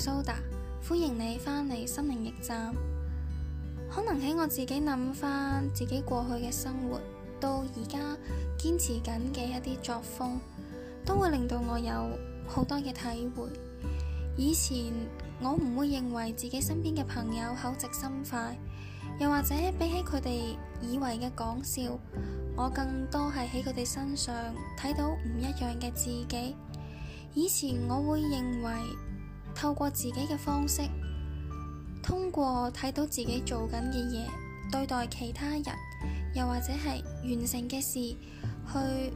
蘇達，Soda，歡迎你返嚟心靈驛站。可能喺我自己諗翻自己過去嘅生活，到而家堅持緊嘅一啲作風，都會令到我有好多嘅體會。以前我唔會認為自己身邊嘅朋友口直心快，又或者比起佢哋以為嘅講笑，我更多係喺佢哋身上睇到唔一樣嘅自己。以前我會認為。透過自己嘅方式，通過睇到自己做緊嘅嘢，對待其他人，又或者係完成嘅事，去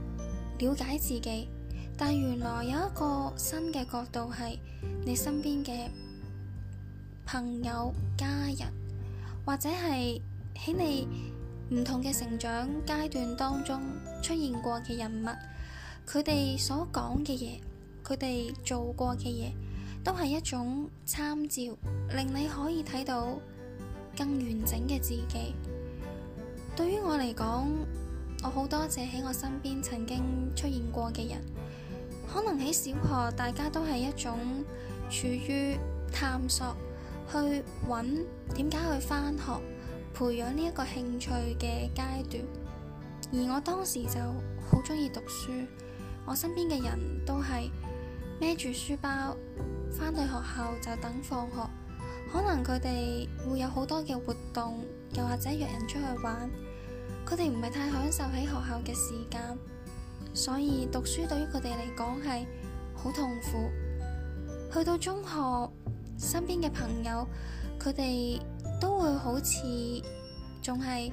了解自己。但原來有一個新嘅角度係你身邊嘅朋友、家人，或者係喺你唔同嘅成長階段當中出現過嘅人物，佢哋所講嘅嘢，佢哋做過嘅嘢。都係一種參照，令你可以睇到更完整嘅自己。對於我嚟講，我好多謝喺我身邊曾經出現過嘅人。可能喺小學，大家都係一種處於探索去揾點解去返學，培養呢一個興趣嘅階段。而我當時就好中意讀書，我身邊嘅人都係孭住書包。返到學校就等放學，可能佢哋會有好多嘅活動，又或者約人出去玩。佢哋唔係太享受喺學校嘅時間，所以讀書對於佢哋嚟講係好痛苦。去到中學，身邊嘅朋友，佢哋都會好似仲係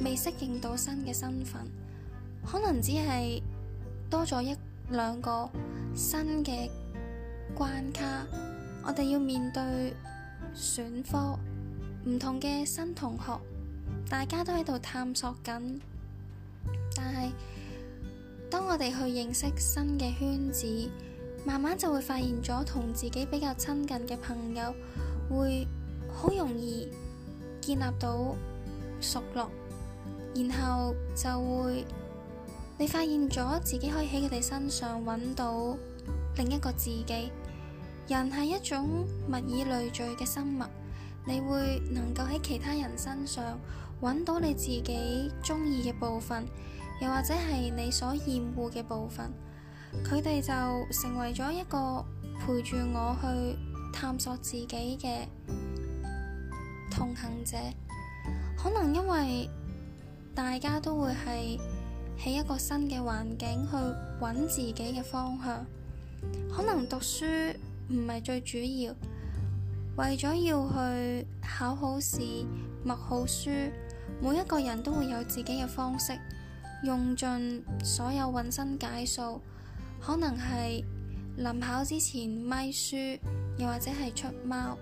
未適應到新嘅身份，可能只係多咗一兩個新嘅。關卡，我哋要面對選科，唔同嘅新同學，大家都喺度探索緊。但係當我哋去認識新嘅圈子，慢慢就會發現咗同自己比較親近嘅朋友，會好容易建立到熟絡，然後就會你發現咗自己可以喺佢哋身上揾到。另一個自己，人係一種物以類聚嘅生物，你會能夠喺其他人身上揾到你自己中意嘅部分，又或者係你所厭惡嘅部分，佢哋就成為咗一個陪住我去探索自己嘅同行者。可能因為大家都會係喺一個新嘅環境去揾自己嘅方向。可能讀書唔係最主要，為咗要去考好試、默好書，每一個人都會有自己嘅方式，用盡所有渾身解數。可能係臨考之前咪書，又或者係出貓。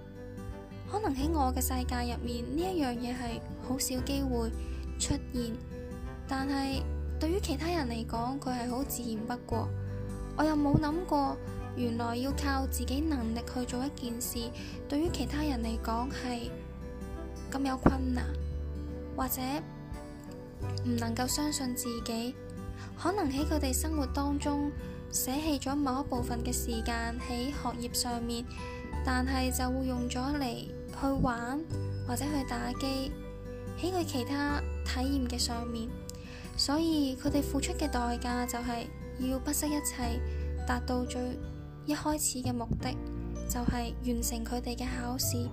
可能喺我嘅世界入面呢一樣嘢係好少機會出現，但係對於其他人嚟講，佢係好自然不過。我又冇諗過，原來要靠自己能力去做一件事，對於其他人嚟講係咁有困難，或者唔能夠相信自己，可能喺佢哋生活當中捨棄咗某一部分嘅時間喺學業上面，但係就會用咗嚟去玩或者去打機喺佢其他體驗嘅上面，所以佢哋付出嘅代價就係、是。要不惜一切達到最一開始嘅目的，就係完成佢哋嘅考試，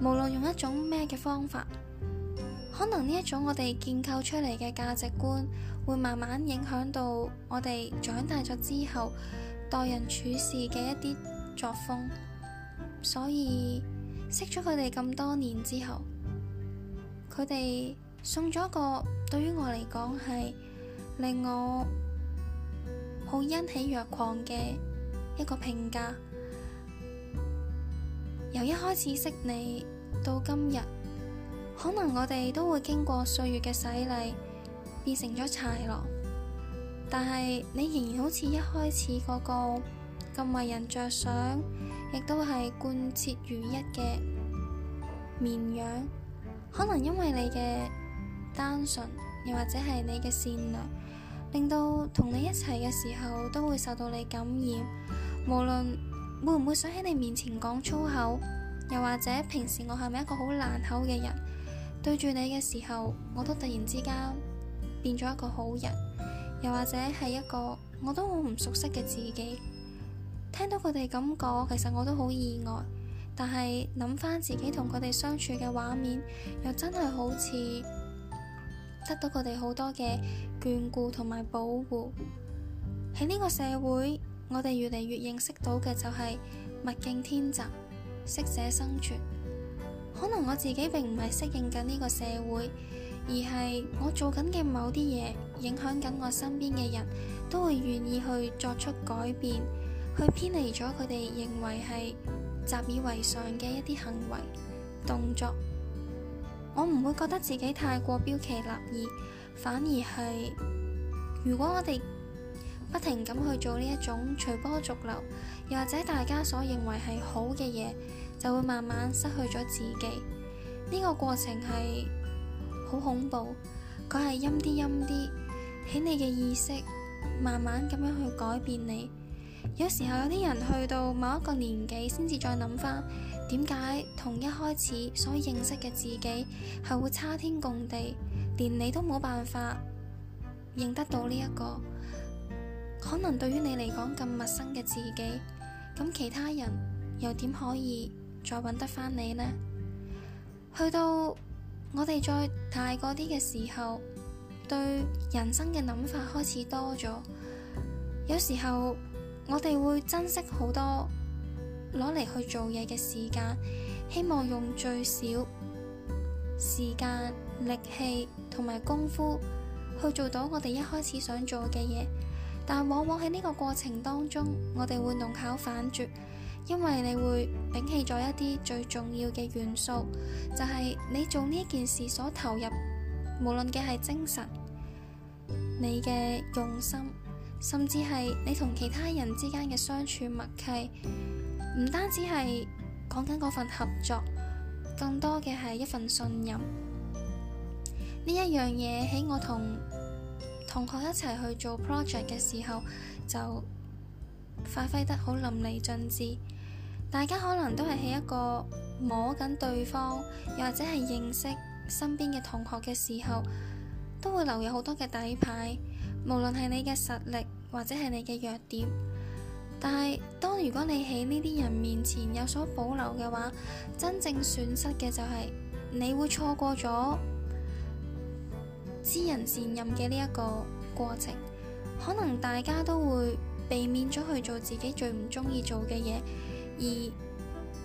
無論用一種咩嘅方法。可能呢一種我哋建構出嚟嘅價值觀，會慢慢影響到我哋長大咗之後待人處事嘅一啲作風。所以識咗佢哋咁多年之後，佢哋送咗個對於我嚟講係令我。好欣喜若狂嘅一個評價。由一開始識你到今日，可能我哋都會經過歲月嘅洗禮，變成咗豺狼。但係你仍然好似一開始嗰個咁為人着想，亦都係貫徹如一嘅綿羊。可能因為你嘅單純，又或者係你嘅善良。令到同你一齊嘅時候都會受到你感染，無論會唔會想喺你面前講粗口，又或者平時我係咪一個好爛口嘅人，對住你嘅時候，我都突然之間變咗一個好人，又或者係一個我都好唔熟悉嘅自己。聽到佢哋咁講，其實我都好意外，但係諗翻自己同佢哋相處嘅畫面，又真係好似。得到佢哋好多嘅眷顧同埋保護。喺呢個社會，我哋越嚟越認識到嘅就係物競天擇，適者生存。可能我自己並唔係適應緊呢個社會，而係我做緊嘅某啲嘢，影響緊我身邊嘅人，都會願意去作出改變，去偏離咗佢哋認為係習以為常嘅一啲行為動作。我唔會覺得自己太過標奇立異，反而係如果我哋不停咁去做呢一種隨波逐流，又或者大家所認為係好嘅嘢，就會慢慢失去咗自己。呢個過程係好恐怖，佢係陰啲陰啲，喺你嘅意識慢慢咁樣去改變你。有時候有啲人去到某一個年紀，先至再諗翻。點解同一開始所認識嘅自己係會差天共地，連你都冇辦法認得到呢、這、一個可能對於你嚟講咁陌生嘅自己，咁其他人又點可以再搵得翻你呢？去到我哋再大個啲嘅時候，對人生嘅諗法開始多咗，有時候我哋會珍惜好多。攞嚟去做嘢嘅時間，希望用最少時間、力氣同埋功夫去做到我哋一開始想做嘅嘢。但往往喺呢個過程當中，我哋會弄巧反拙，因為你會摒棄咗一啲最重要嘅元素，就係你做呢件事所投入，無論嘅係精神、你嘅用心，甚至係你同其他人之間嘅相處默契。唔單止係講緊嗰份合作，更多嘅係一份信任。呢一樣嘢喺我同同學一齊去做 project 嘅時候，就發揮得好淋漓盡致。大家可能都係喺一個摸緊對方，又或者係認識身邊嘅同學嘅時候，都會留有好多嘅底牌，無論係你嘅實力，或者係你嘅弱點。但係，當如果你喺呢啲人面前有所保留嘅話，真正損失嘅就係你會錯過咗知人善任嘅呢一個過程。可能大家都會避免咗去做自己最唔中意做嘅嘢，而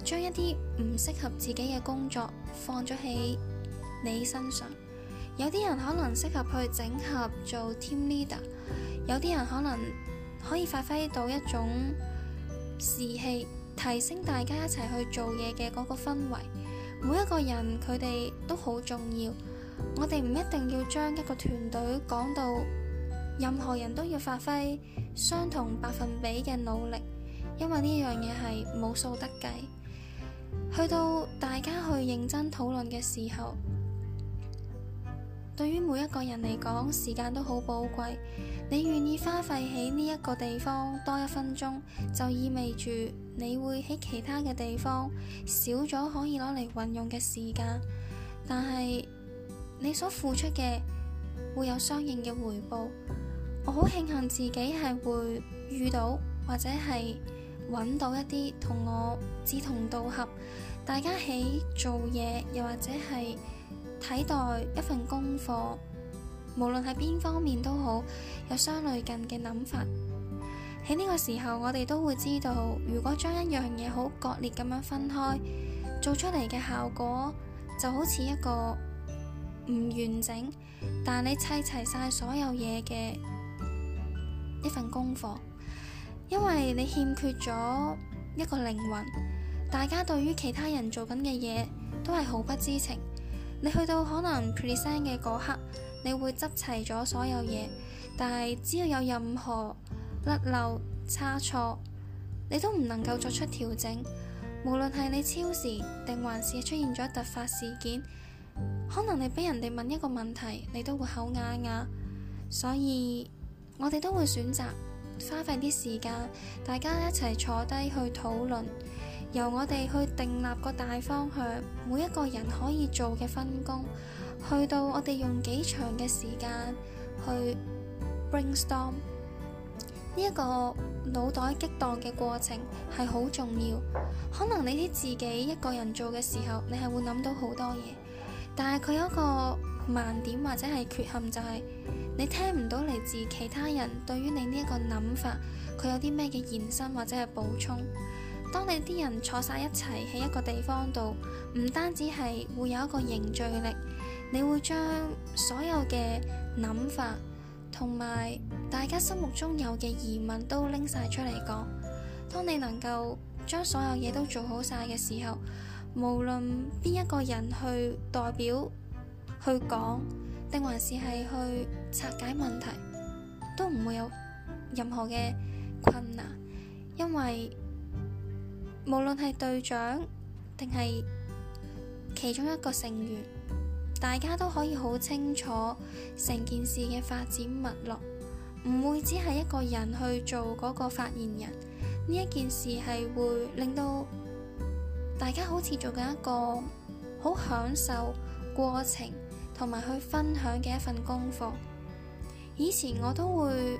將一啲唔適合自己嘅工作放咗喺你身上。有啲人可能適合去整合做 team leader，有啲人可能。可以發揮到一種士氣，提升大家一齊去做嘢嘅嗰個氛圍。每一個人佢哋都好重要，我哋唔一定要將一個團隊講到任何人都要發揮相同百分比嘅努力，因為呢樣嘢係冇數得計。去到大家去認真討論嘅時候，對於每一個人嚟講，時間都好寶貴。你願意花費喺呢一個地方多一分鐘，就意味住你會喺其他嘅地方少咗可以攞嚟運用嘅時間。但係你所付出嘅會有相應嘅回報。我好慶幸自己係會遇到或者係揾到一啲同我志同道合，大家喺做嘢又或者係睇代一份功課。無論係邊方面都好，有相類近嘅諗法。喺呢個時候，我哋都會知道，如果將一樣嘢好割裂咁樣分開，做出嚟嘅效果就好似一個唔完整，但你砌齊晒所有嘢嘅一份功課，因為你欠缺咗一個靈魂。大家對於其他人做緊嘅嘢都係毫不知情。你去到可能 present 嘅嗰刻，你會執齊咗所有嘢，但係只要有任何甩漏差錯，你都唔能夠作出調整。無論係你超時，定還是出現咗突發事件，可能你俾人哋問一個問題，你都會口啞啞。所以我哋都會選擇花費啲時間，大家一齊坐低去討論，由我哋去訂立個大方向，每一個人可以做嘅分工。去到我哋用幾長嘅時間去 brainstorm 呢一個腦袋激盪嘅過程係好重要。可能你啲自己一個人做嘅時候，你係會諗到好多嘢，但係佢有一個盲點或者係缺陷，就係，就係你聽唔到嚟自其他人對於你呢一個諗法，佢有啲咩嘅延伸或者係補充。當你啲人坐晒一齊喺一個地方度，唔單止係會有一個凝聚力。你會將所有嘅諗法同埋大家心目中有嘅疑問都拎晒出嚟講。當你能夠將所有嘢都做好晒嘅時候，無論邊一個人去代表去講，定還是係去拆解問題，都唔會有任何嘅困難，因為無論係隊長定係其中一個成員。大家都可以好清楚成件事嘅發展脈絡，唔會只係一個人去做嗰個發言人。呢一件事係會令到大家好似做緊一個好享受過程，同埋去分享嘅一份功課。以前我都會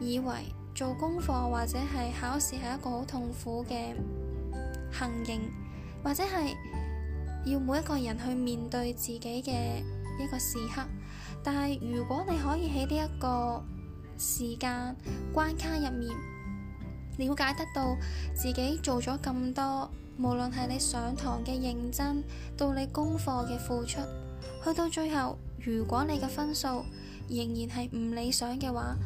以為做功課或者係考試係一個好痛苦嘅行刑，或者係。要每一個人去面對自己嘅一個時刻，但係如果你可以喺呢一個時間關卡入面了解得到自己做咗咁多，無論係你上堂嘅認真，到你功課嘅付出，去到最後，如果你嘅分數仍然係唔理想嘅話，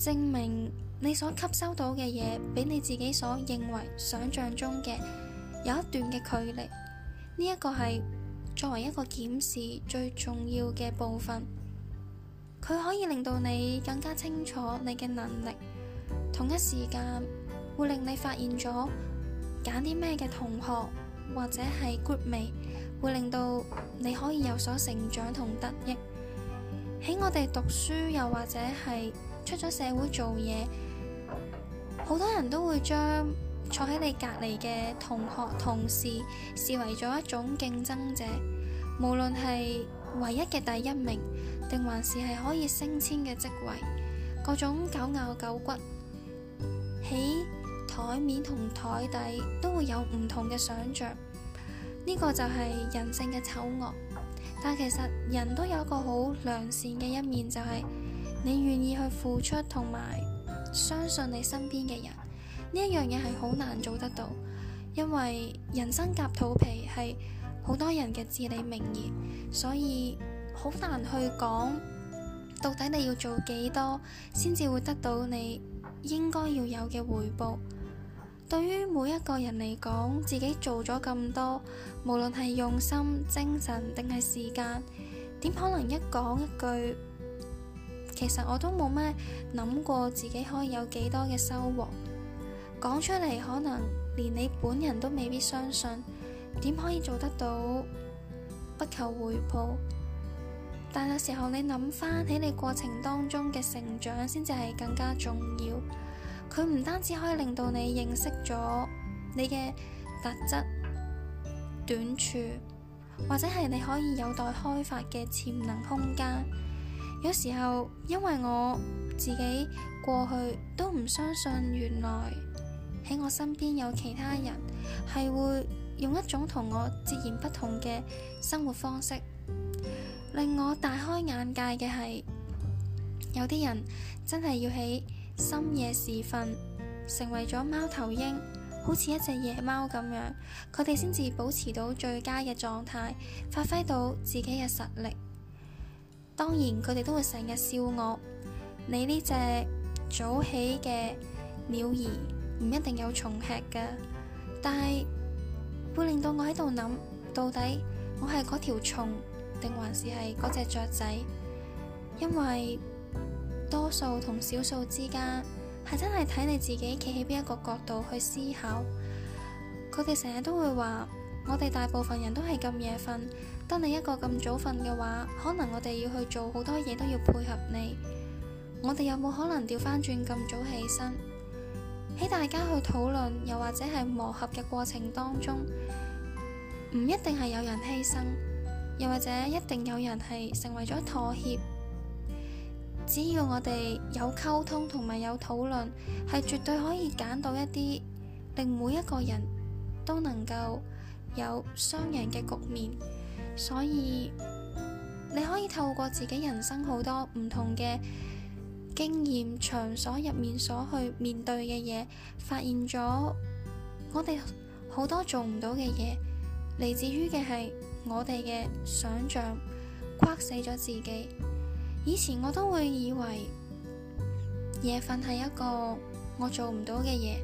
證明你所吸收到嘅嘢，比你自己所認為、想象中嘅有一段嘅距離。呢一個係作為一個檢視最重要嘅部分，佢可以令到你更加清楚你嘅能力，同一時間會令你發現咗揀啲咩嘅同學或者係 groupmate，會令到你可以有所成長同得益。喺我哋讀書又或者係出咗社會做嘢，好多人都會將坐喺你隔籬嘅同學、同事，視為咗一種競爭者，無論係唯一嘅第一名，定還是係可以升遷嘅職位，各種狗咬狗骨，喺台面同台底都會有唔同嘅想象。呢個就係人性嘅醜惡，但其實人都有一個好良善嘅一面，就係你願意去付出，同埋相信你身邊嘅人。呢一樣嘢係好難做得到，因為人生夾肚皮係好多人嘅至理名言，所以好難去講到底你要做幾多先至會得到你應該要有嘅回報。對於每一個人嚟講，自己做咗咁多，無論係用心、精神定係時間，點可能一講一句？其實我都冇咩諗過自己可以有幾多嘅收穫。講出嚟，可能連你本人都未必相信，點可以做得到？不求回報，但有時候你諗翻起你過程當中嘅成長，先至係更加重要。佢唔單止可以令到你認識咗你嘅特質、短處，或者係你可以有待開發嘅潛能空間。有時候，因為我自己過去都唔相信，原來。喺我身邊有其他人係會用一種同我截然不同嘅生活方式，令我大開眼界嘅係有啲人真係要喺深夜時分成為咗貓頭鷹，好似一隻夜貓咁樣，佢哋先至保持到最佳嘅狀態，發揮到自己嘅實力。當然佢哋都會成日笑我，你呢隻早起嘅鳥兒，唔一定有蟲吃嘅，但係會令到我喺度諗，到底我係嗰條蟲，定還是係嗰隻雀仔？因為多數同少數之間係真係睇你自己企喺邊一個角度去思考。佢哋成日都會話，我哋大部分人都係咁夜瞓，當你一個咁早瞓嘅話，可能我哋要去做好多嘢都要配合你。我哋有冇可能調翻轉咁早起身？喺大家去討論，又或者係磨合嘅過程當中，唔一定係有人犧牲，又或者一定有人係成為咗妥協。只要我哋有溝通同埋有討論，係絕對可以揀到一啲令每一個人都能夠有雙贏嘅局面。所以你可以透過自己人生好多唔同嘅。經驗場所入面所去面對嘅嘢，發現咗我哋好多做唔到嘅嘢，嚟自於嘅係我哋嘅想象框死咗自己。以前我都會以為夜瞓係一個我做唔到嘅嘢，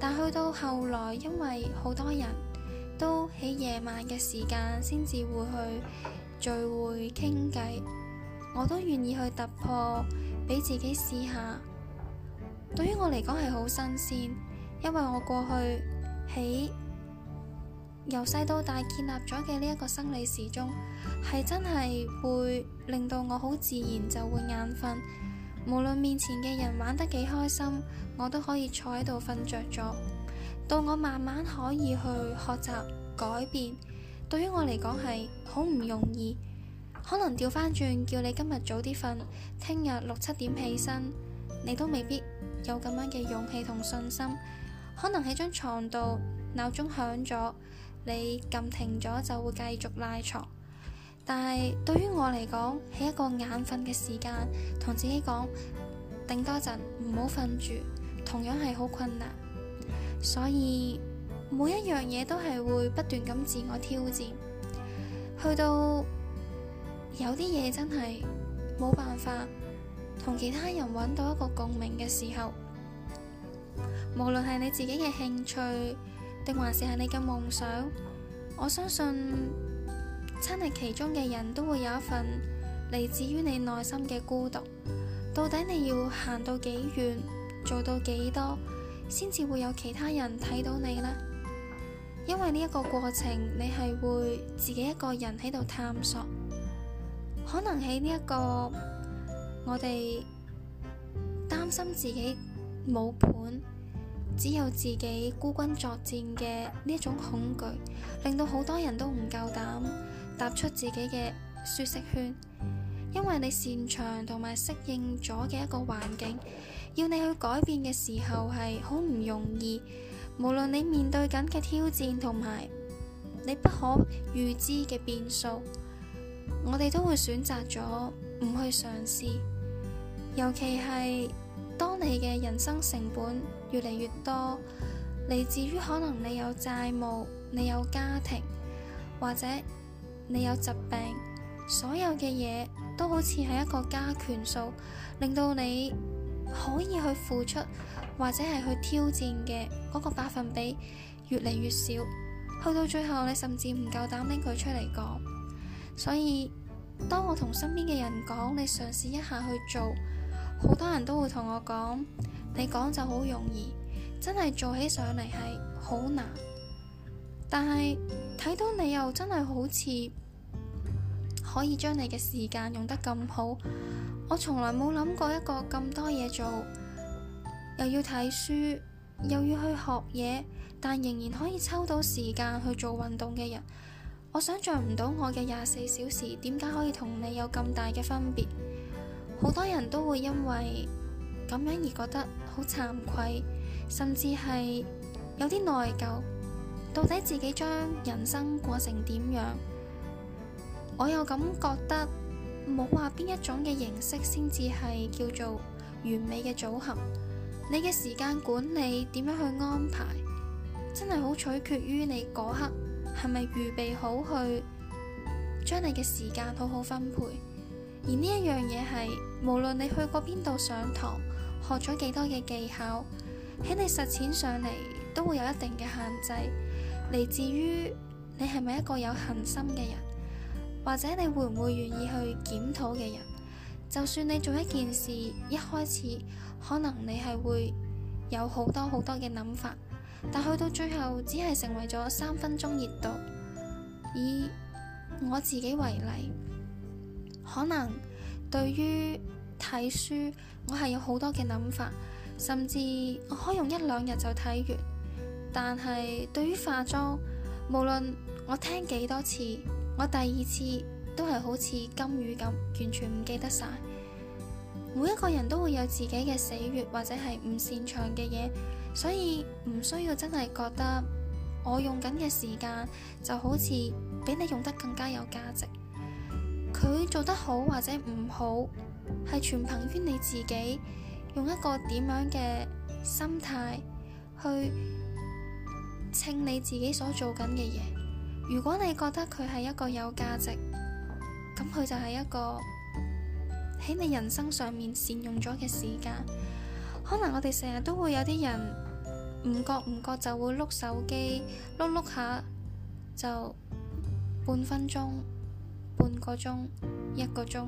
但去到後來，因為好多人都喺夜晚嘅時間先至會去聚會傾偈。我都願意去突破。俾自己試下，對於我嚟講係好新鮮，因為我過去喺由細到大建立咗嘅呢一個生理時鐘係真係會令到我好自然就會眼瞓，無論面前嘅人玩得幾開心，我都可以坐喺度瞓着咗。到我慢慢可以去學習改變，對於我嚟講係好唔容易。可能調翻轉，叫你今日早啲瞓，聽日六七點起身，你都未必有咁樣嘅勇氣同信心。可能喺張床度，鬧鐘響咗，你撳停咗就會繼續賴床。但係對於我嚟講，喺一個眼瞓嘅時間，同自己講頂多陣唔好瞓住，同樣係好困難。所以每一樣嘢都係會不斷咁自我挑戰，去到。有啲嘢真係冇辦法同其他人揾到一個共鳴嘅時候，無論係你自己嘅興趣，定還是係你嘅夢想，我相信親歷其中嘅人都會有一份嚟自於你內心嘅孤獨。到底你要行到幾遠，做到幾多，先至會有其他人睇到你呢？因為呢一個過程，你係會自己一個人喺度探索。可能喺呢一個，我哋擔心自己冇盤，只有自己孤軍作戰嘅呢一種恐懼，令到好多人都唔夠膽踏出自己嘅舒適圈。因為你擅長同埋適應咗嘅一個環境，要你去改變嘅時候係好唔容易。無論你面對緊嘅挑戰同埋你不可預知嘅變數。我哋都會選擇咗唔去嘗試，尤其係當你嘅人生成本越嚟越多，嚟自於可能你有債務，你有家庭，或者你有疾病，所有嘅嘢都好似係一個加權數，令到你可以去付出或者係去挑戰嘅嗰個百分比越嚟越少，去到最後你甚至唔夠膽拎佢出嚟講。所以，當我同身邊嘅人講你嘗試一下去做，好多人都會同我講：你講就好容易，真係做起上嚟係好難。但係睇到你又真係好似可以將你嘅時間用得咁好，我從來冇諗過一個咁多嘢做，又要睇書，又要去學嘢，但仍然可以抽到時間去做運動嘅人。我想象唔到我嘅廿四小時點解可以同你有咁大嘅分別，好多人都會因為咁樣而覺得好慚愧，甚至係有啲內疚。到底自己將人生過成點樣？我又咁覺得冇話邊一種嘅形式先至係叫做完美嘅組合。你嘅時間管理點樣去安排，真係好取決於你嗰刻。係咪預備好去將你嘅時間好好分配？而呢一樣嘢係無論你去過邊度上堂，學咗幾多嘅技巧，喺你實踐上嚟，都會有一定嘅限制。嚟自於你係咪一個有恆心嘅人，或者你會唔會願意去檢討嘅人？就算你做一件事，一開始可能你係會有好多好多嘅諗法。但去到最後，只係成為咗三分鐘熱度。以我自己為例，可能對於睇書，我係有好多嘅諗法，甚至我可以用一兩日就睇完。但係對於化妝，無論我聽幾多次，我第二次都係好似金魚咁，完全唔記得晒。每一個人都會有自己嘅死穴或者係唔擅長嘅嘢，所以唔需要真係覺得我用緊嘅時間就好似比你用得更加有價值。佢做得好或者唔好，係全憑於你自己用一個點樣嘅心態去稱你自己所做緊嘅嘢。如果你覺得佢係一個有價值，咁佢就係一個。喺你人生上面善用咗嘅時間，可能我哋成日都會有啲人唔覺唔覺就會碌手機，碌碌下就半分鐘、半個鐘、一個鐘。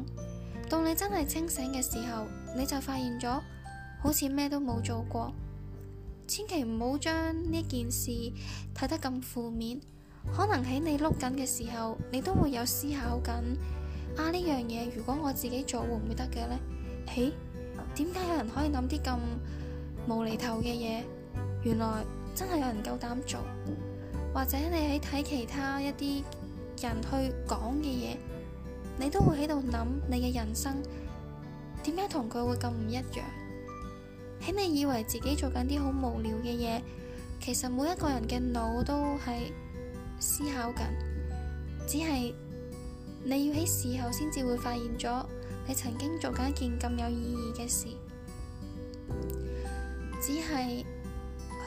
到你真係清醒嘅時候，你就發現咗好似咩都冇做過。千祈唔好將呢件事睇得咁負面。可能喺你碌緊嘅時候，你都會有思考緊。啊！呢樣嘢如果我自己做會唔會得嘅呢？咦、欸？點解有人可以諗啲咁無厘頭嘅嘢？原來真係有人夠膽做。或者你喺睇其他一啲人去講嘅嘢，你都會喺度諗你嘅人生點解同佢會咁唔一樣？喺你以為自己做緊啲好無聊嘅嘢，其實每一個人嘅腦都喺思考緊，只係。你要喺事後先至會發現咗，你曾經做緊一件咁有意義嘅事。只係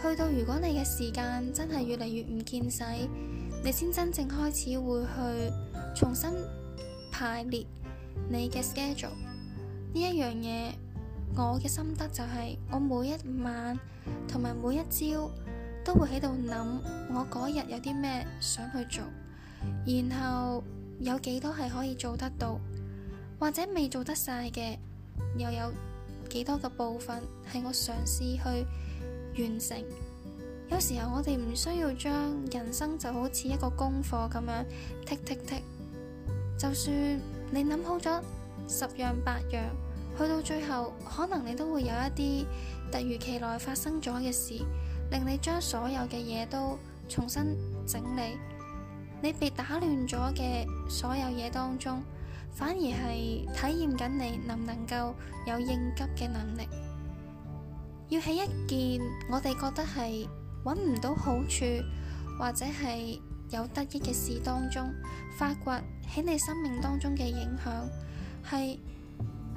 去到如果你嘅時間真係越嚟越唔見使，你先真正開始會去重新排列你嘅 schedule。呢一樣嘢，我嘅心得就係，我每一晚同埋每一朝都會喺度諗，我嗰日有啲咩想去做，然後。有幾多係可以做得到，或者未做得晒嘅，又有幾多個部分係我嘗試去完成。有時候我哋唔需要將人生就好似一個功課咁樣，剔剔剔。就算你諗好咗十樣八樣，去到最後，可能你都會有一啲突如其來發生咗嘅事，令你將所有嘅嘢都重新整理。你被打亂咗嘅所有嘢當中，反而係體驗緊你能唔能夠有應急嘅能力，要喺一件我哋覺得係揾唔到好處或者係有得益嘅事當中，發掘喺你生命當中嘅影響，係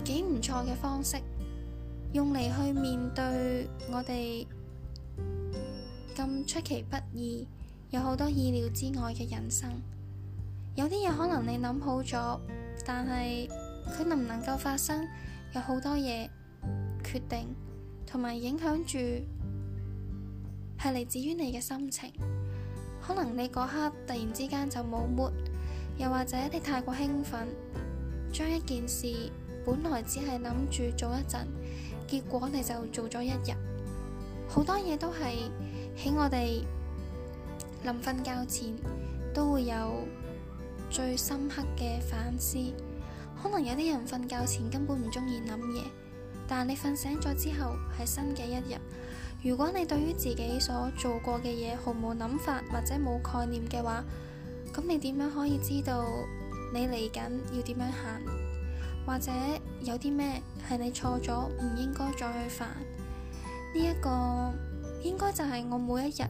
幾唔錯嘅方式，用嚟去面對我哋咁出其不意。有好多意料之外嘅人生，有啲嘢可能你諗好咗，但係佢能唔能夠發生，有好多嘢決定同埋影響住，係嚟自於你嘅心情。可能你嗰刻突然之間就冇 mood，又或者你太過興奮，將一件事本來只係諗住做一陣，結果你就做咗一日。好多嘢都係喺我哋。臨瞓覺前都會有最深刻嘅反思，可能有啲人瞓覺前根本唔中意諗嘢，但你瞓醒咗之後係新嘅一日。如果你對於自己所做過嘅嘢毫無諗法或者冇概念嘅話，咁你點樣可以知道你嚟緊要點樣行，或者有啲咩係你錯咗，唔應該再去煩呢？一個應該就係我每一日，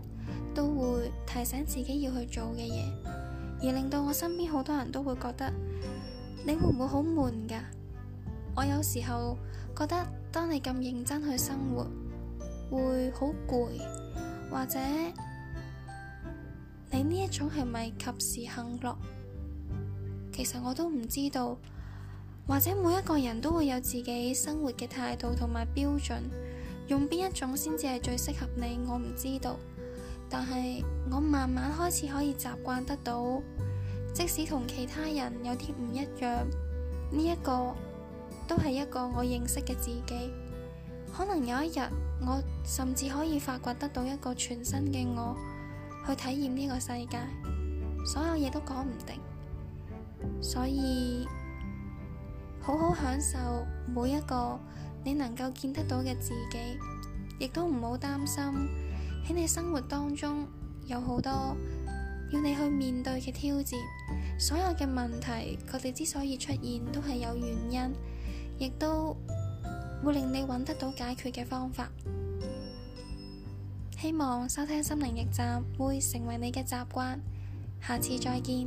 都會提醒自己要去做嘅嘢，而令到我身邊好多人都會覺得你會唔會好悶噶？我有時候覺得當你咁認真去生活，會好攰，或者你呢一種係咪及時行樂？其實我都唔知道，或者每一個人都會有自己生活嘅態度同埋標準，用邊一種先至係最適合你？我唔知道。但係我慢慢開始可以習慣得到，即使同其他人有啲唔一樣，呢一個都係一個我認識嘅自己。可能有一日我甚至可以發掘得到一個全新嘅我去體驗呢個世界，所有嘢都講唔定，所以好好享受每一個你能夠見得到嘅自己，亦都唔好擔心。喺你生活當中有好多要你去面對嘅挑戰，所有嘅問題，佢哋之所以出現都係有原因，亦都會令你揾得到解決嘅方法。希望收聽心靈驛站會成為你嘅習慣，下次再見。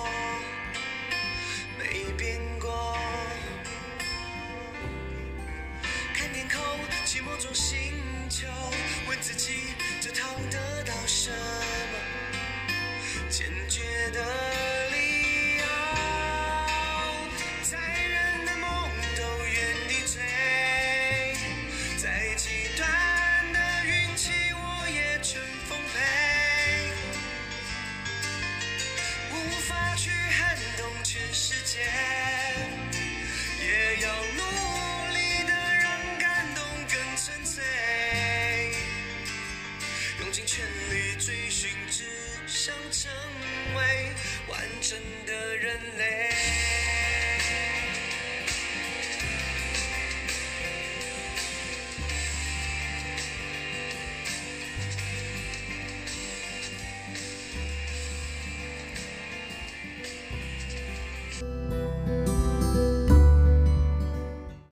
種星球，問自己：這趟得到什麼。堅決的。